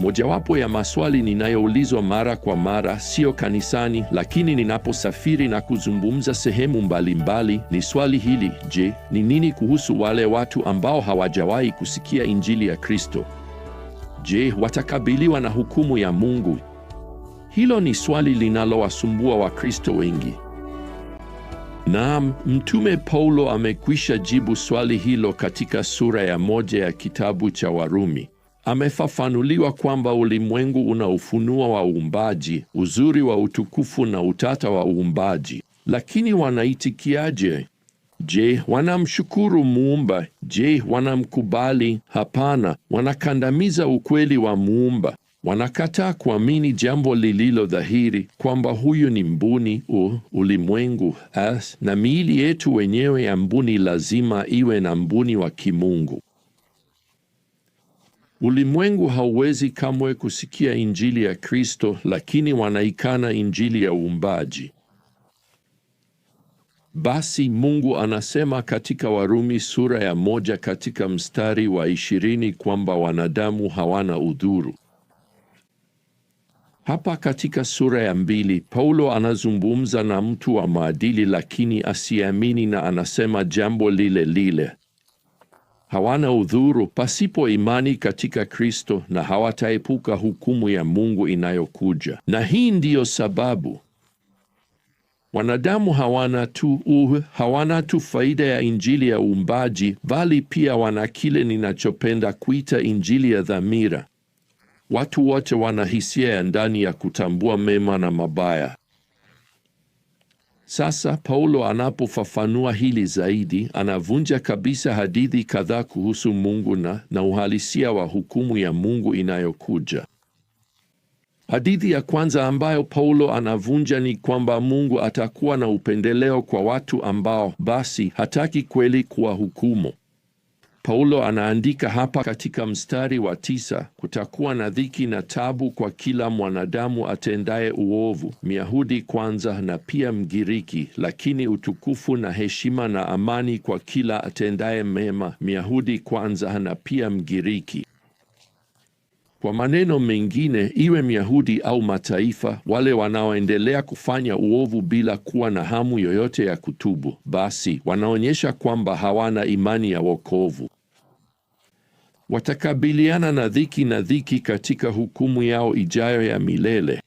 Mojawapo ya maswali ninayoulizwa mara kwa mara, sio kanisani, lakini ninaposafiri na kuzungumza sehemu mbalimbali, ni swali hili: je, ni nini kuhusu wale watu ambao hawajawahi kusikia injili ya Kristo? Je, watakabiliwa na hukumu ya Mungu? Hilo ni swali linalowasumbua Wakristo wengi. Naam, Mtume Paulo amekwisha jibu swali hilo katika sura ya moja ya kitabu cha Warumi amefafanuliwa kwamba ulimwengu una ufunuo wa uumbaji, uzuri wa utukufu na utata wa uumbaji. Lakini wanaitikiaje? Je, wanamshukuru Muumba? Je, wanamkubali? Hapana, wanakandamiza ukweli wa Muumba. Wanakataa kuamini jambo lililo dhahiri kwamba huyu ni mbuni u ulimwengu as na miili yetu wenyewe ya mbuni lazima iwe na mbuni wa kimungu. Ulimwengu hauwezi kamwe kusikia injili ya Kristo, lakini wanaikana injili ya uumbaji. Basi Mungu anasema katika Warumi sura ya moja katika mstari wa ishirini kwamba wanadamu hawana udhuru. Hapa katika sura ya mbili Paulo anazungumza na mtu wa maadili lakini asiamini, na anasema jambo lile lile hawana udhuru pasipo imani katika Kristo na hawataepuka hukumu ya Mungu inayokuja. Na hii ndiyo sababu wanadamu hawana tu uh, hawana tu faida ya injili ya uumbaji, bali pia wana kile ninachopenda kuita injili ya dhamira. Watu wote wana hisia ya ndani ya kutambua mema na mabaya. Sasa Paulo anapofafanua hili zaidi, anavunja kabisa hadithi kadhaa kuhusu Mungu na na uhalisia wa hukumu ya Mungu inayokuja. Hadithi ya kwanza ambayo Paulo anavunja ni kwamba Mungu atakuwa na upendeleo kwa watu ambao basi hataki kweli kuwahukumu. Paulo anaandika hapa katika mstari wa tisa, kutakuwa na dhiki na tabu kwa kila mwanadamu atendaye uovu, Myahudi kwanza na pia Mgiriki, lakini utukufu na heshima na amani kwa kila atendaye mema, Myahudi kwanza na pia Mgiriki. Kwa maneno mengine, iwe Myahudi au mataifa, wale wanaoendelea kufanya uovu bila kuwa na hamu yoyote ya kutubu, basi wanaonyesha kwamba hawana imani ya wokovu watakabiliana na dhiki na dhiki katika hukumu yao ijayo ya milele.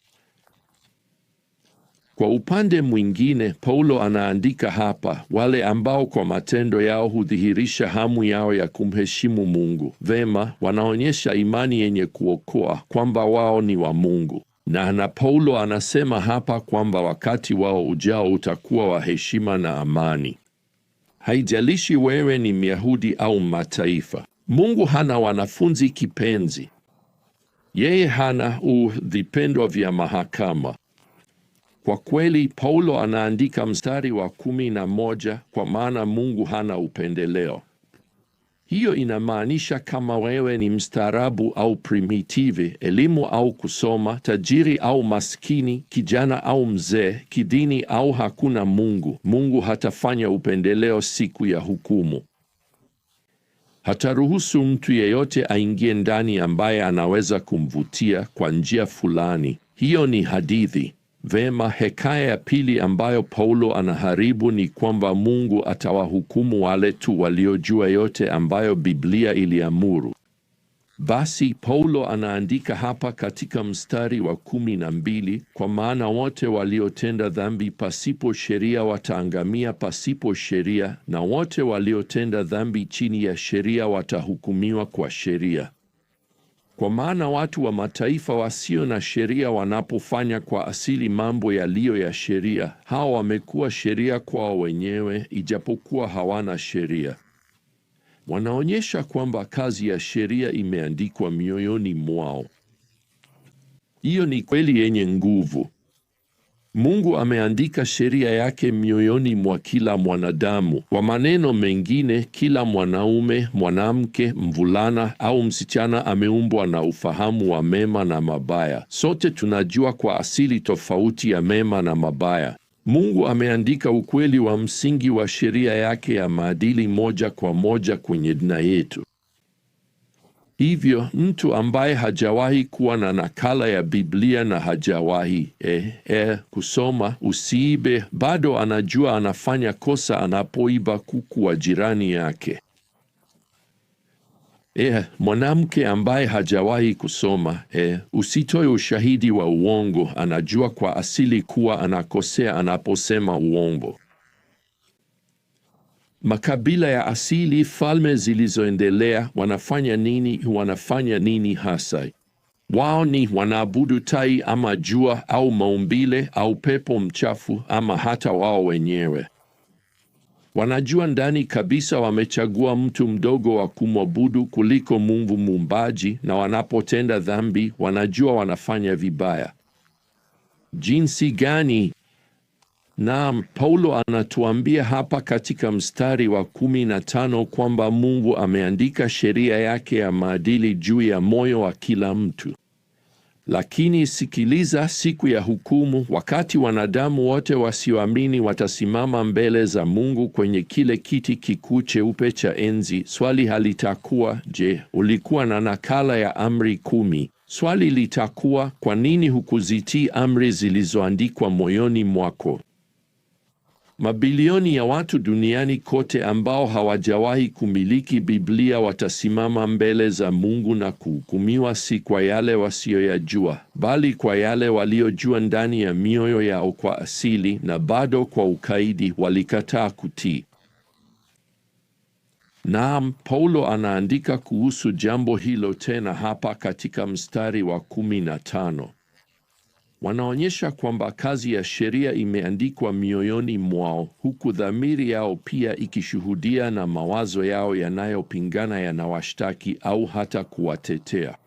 Kwa upande mwingine, Paulo anaandika hapa, wale ambao kwa matendo yao hudhihirisha hamu yao ya kumheshimu Mungu vema, wanaonyesha imani yenye kuokoa kwamba wao ni wa Mungu. Na na Paulo anasema hapa kwamba wakati wao ujao utakuwa wa heshima na amani. Haijalishi wewe ni Myahudi au mataifa. Mungu hana wanafunzi kipenzi. Yeye hana uvipendwa vya mahakama. Kwa kweli, Paulo anaandika mstari wa kumi na moja, kwa maana Mungu hana upendeleo. Hiyo inamaanisha kama wewe ni mstaarabu au primitivi, elimu au kusoma, tajiri au maskini, kijana au mzee, kidini au hakuna Mungu, Mungu hatafanya upendeleo siku ya hukumu. Hataruhusu mtu yeyote aingie ndani ambaye anaweza kumvutia kwa njia fulani. Hiyo ni hadithi. Vema, hekaya ya pili ambayo Paulo anaharibu ni kwamba Mungu atawahukumu wale tu waliojua yote ambayo Biblia iliamuru, basi Paulo anaandika hapa katika mstari wa kumi na mbili, kwa maana wote waliotenda dhambi pasipo sheria wataangamia pasipo sheria, na wote waliotenda dhambi chini ya sheria watahukumiwa kwa sheria. Kwa maana watu wa mataifa wasio na sheria wanapofanya kwa asili mambo yaliyo ya sheria, hao wamekuwa sheria kwao wenyewe, ijapokuwa hawana sheria wanaonyesha kwamba kazi ya sheria imeandikwa mioyoni mwao. Hiyo ni kweli yenye nguvu. Mungu ameandika sheria yake mioyoni mwa kila mwanadamu. Kwa maneno mengine, kila mwanaume, mwanamke, mvulana au msichana ameumbwa na ufahamu wa mema na mabaya. Sote tunajua kwa asili tofauti ya mema na mabaya. Mungu ameandika ukweli wa msingi wa sheria yake ya maadili moja kwa moja kwenye dina yetu. Hivyo mtu ambaye hajawahi kuwa na nakala ya Biblia na hajawahi eh, eh, kusoma usiibe, bado anajua anafanya kosa anapoiba kuku wa jirani yake. Eh, mwanamke ambaye hajawahi kusoma eh, usitoe ushahidi wa uongo. Anajua kwa asili kuwa anakosea anaposema uongo. Makabila ya asili, falme zilizoendelea, wanafanya nini? Wanafanya nini hasa? Wao ni wanaabudu tai ama jua au maumbile au pepo mchafu ama hata wao wenyewe. Wanajua ndani kabisa wamechagua mtu mdogo wa kumwabudu kuliko Mungu Muumbaji, na wanapotenda dhambi wanajua wanafanya vibaya jinsi gani. Naam, Paulo anatuambia hapa katika mstari wa kumi na tano kwamba Mungu ameandika sheria yake ya maadili juu ya moyo wa kila mtu. Lakini sikiliza, siku ya hukumu, wakati wanadamu wote wasioamini watasimama mbele za Mungu kwenye kile kiti kikuu cheupe cha enzi, swali halitakuwa je, ulikuwa na nakala ya amri kumi? Swali litakuwa kwa nini hukuzitii amri zilizoandikwa moyoni mwako? Mabilioni ya watu duniani kote ambao hawajawahi kumiliki Biblia watasimama mbele za Mungu na kuhukumiwa si kwa yale wasiyoyajua, bali kwa yale waliojua ndani ya mioyo yao kwa asili na bado kwa ukaidi walikataa kutii. Naam, Paulo anaandika kuhusu jambo hilo tena hapa katika mstari wa kumi na tano. Wanaonyesha kwamba kazi ya sheria imeandikwa mioyoni mwao, huku dhamiri yao pia ikishuhudia na mawazo yao yanayopingana yanawashtaki au hata kuwatetea.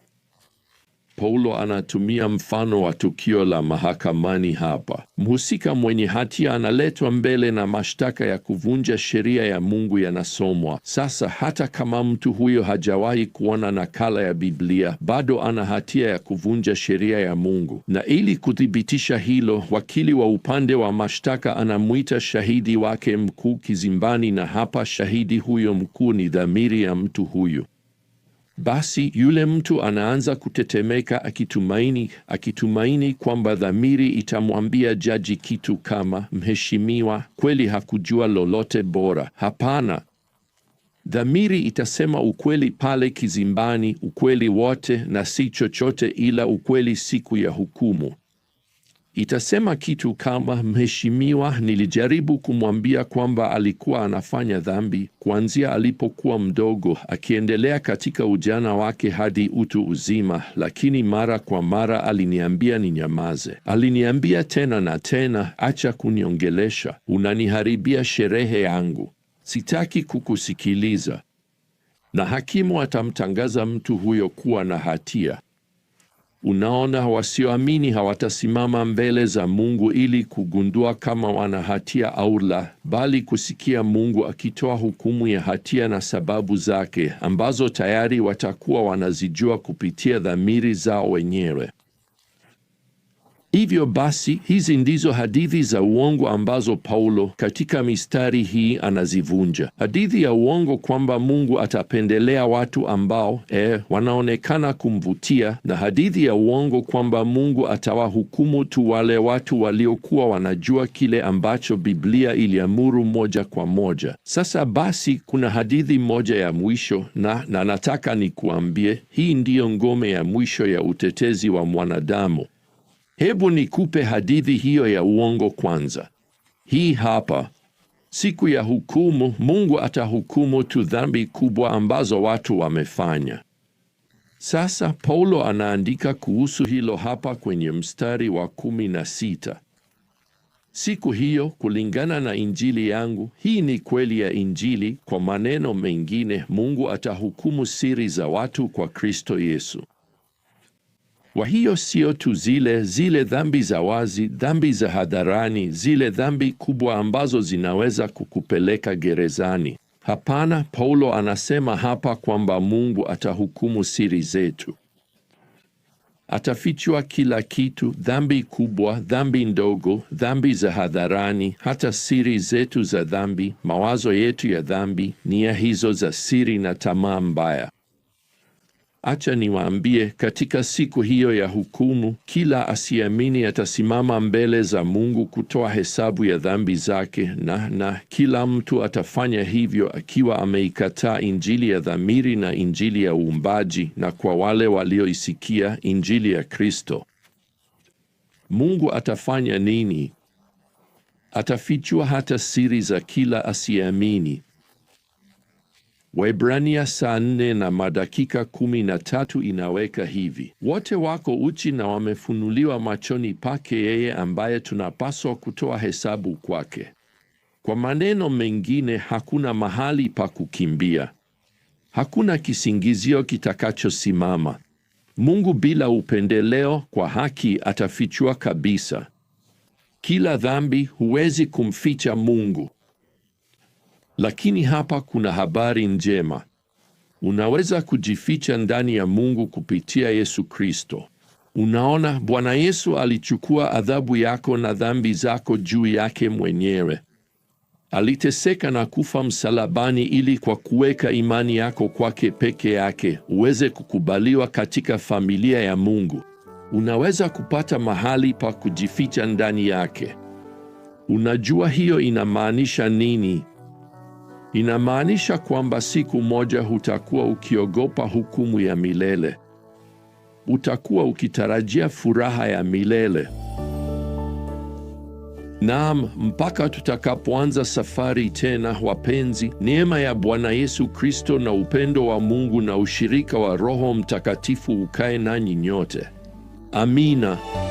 Paulo anatumia mfano wa tukio la mahakamani hapa. Mhusika mwenye hatia analetwa mbele na mashtaka ya kuvunja sheria ya Mungu yanasomwa. Sasa hata kama mtu huyo hajawahi kuona nakala ya Biblia, bado ana hatia ya kuvunja sheria ya Mungu. Na ili kuthibitisha hilo, wakili wa upande wa mashtaka anamwita shahidi wake mkuu kizimbani, na hapa shahidi huyo mkuu ni dhamiri ya mtu huyu. Basi yule mtu anaanza kutetemeka akitumaini akitumaini kwamba dhamiri itamwambia jaji kitu kama, mheshimiwa, kweli hakujua lolote bora. Hapana, dhamiri itasema ukweli pale kizimbani, ukweli wote na si chochote ila ukweli siku ya hukumu itasema kitu kama mheshimiwa, nilijaribu kumwambia kwamba alikuwa anafanya dhambi kuanzia alipokuwa mdogo, akiendelea katika ujana wake hadi utu uzima, lakini mara kwa mara aliniambia ninyamaze. Aliniambia tena na tena, acha kuniongelesha, unaniharibia sherehe yangu, sitaki kukusikiliza. Na hakimu atamtangaza mtu huyo kuwa na hatia. Unaona, wasioamini hawatasimama mbele za Mungu ili kugundua kama wana hatia au la, bali kusikia Mungu akitoa hukumu ya hatia na sababu zake ambazo tayari watakuwa wanazijua kupitia dhamiri zao wenyewe. Hivyo basi hizi ndizo hadithi za uongo ambazo Paulo katika mistari hii anazivunja. Hadithi ya uongo kwamba Mungu atapendelea watu ambao e, wanaonekana kumvutia na hadithi ya uongo kwamba Mungu atawahukumu tu wale watu waliokuwa wanajua kile ambacho Biblia iliamuru moja kwa moja. Sasa basi kuna hadithi moja ya mwisho na, na nataka nikuambie hii ndiyo ngome ya mwisho ya utetezi wa mwanadamu. Hebu nikupe hadithi hiyo ya uongo kwanza. Hii hapa: siku ya hukumu, Mungu atahukumu tu dhambi kubwa ambazo watu wamefanya. Sasa Paulo anaandika kuhusu hilo hapa kwenye mstari wa kumi na sita. Siku hiyo kulingana na Injili yangu, hii ni kweli ya Injili. Kwa maneno mengine, Mungu atahukumu siri za watu kwa Kristo Yesu. Kwa hiyo sio tu zile zile dhambi za wazi, dhambi za hadharani, zile dhambi kubwa ambazo zinaweza kukupeleka gerezani. Hapana, Paulo anasema hapa kwamba Mungu atahukumu siri zetu, atafichua kila kitu: dhambi kubwa, dhambi ndogo, dhambi za hadharani, hata siri zetu za dhambi, mawazo yetu ya dhambi, nia hizo za siri na tamaa mbaya. Acha niwaambie, katika siku hiyo ya hukumu, kila asiamini atasimama mbele za Mungu kutoa hesabu ya dhambi zake, na na kila mtu atafanya hivyo akiwa ameikataa injili ya dhamiri na injili ya uumbaji, na kwa wale walioisikia injili ya Kristo. Mungu atafanya nini? Atafichua hata siri za kila asiamini Waebrania saa nne na madakika kumi na tatu inaweka hivi: wote wako uchi na wamefunuliwa machoni pake yeye ambaye tunapaswa kutoa hesabu kwake. Kwa maneno mengine, hakuna mahali pa kukimbia, hakuna kisingizio kitakachosimama. Mungu bila upendeleo, kwa haki, atafichua kabisa kila dhambi. Huwezi kumficha Mungu. Lakini hapa kuna habari njema. Unaweza kujificha ndani ya Mungu kupitia Yesu Kristo. Unaona, Bwana Yesu alichukua adhabu yako na dhambi zako juu yake mwenyewe. Aliteseka na kufa msalabani ili kwa kuweka imani yako kwake peke yake uweze kukubaliwa katika familia ya Mungu. Unaweza kupata mahali pa kujificha ndani yake. Unajua hiyo inamaanisha nini? inamaanisha kwamba siku moja hutakuwa ukiogopa hukumu ya milele. Utakuwa ukitarajia furaha ya milele. Naam, mpaka tutakapoanza safari tena, wapenzi, neema ya Bwana Yesu Kristo na upendo wa Mungu na ushirika wa Roho Mtakatifu ukae nanyi nyote. Amina.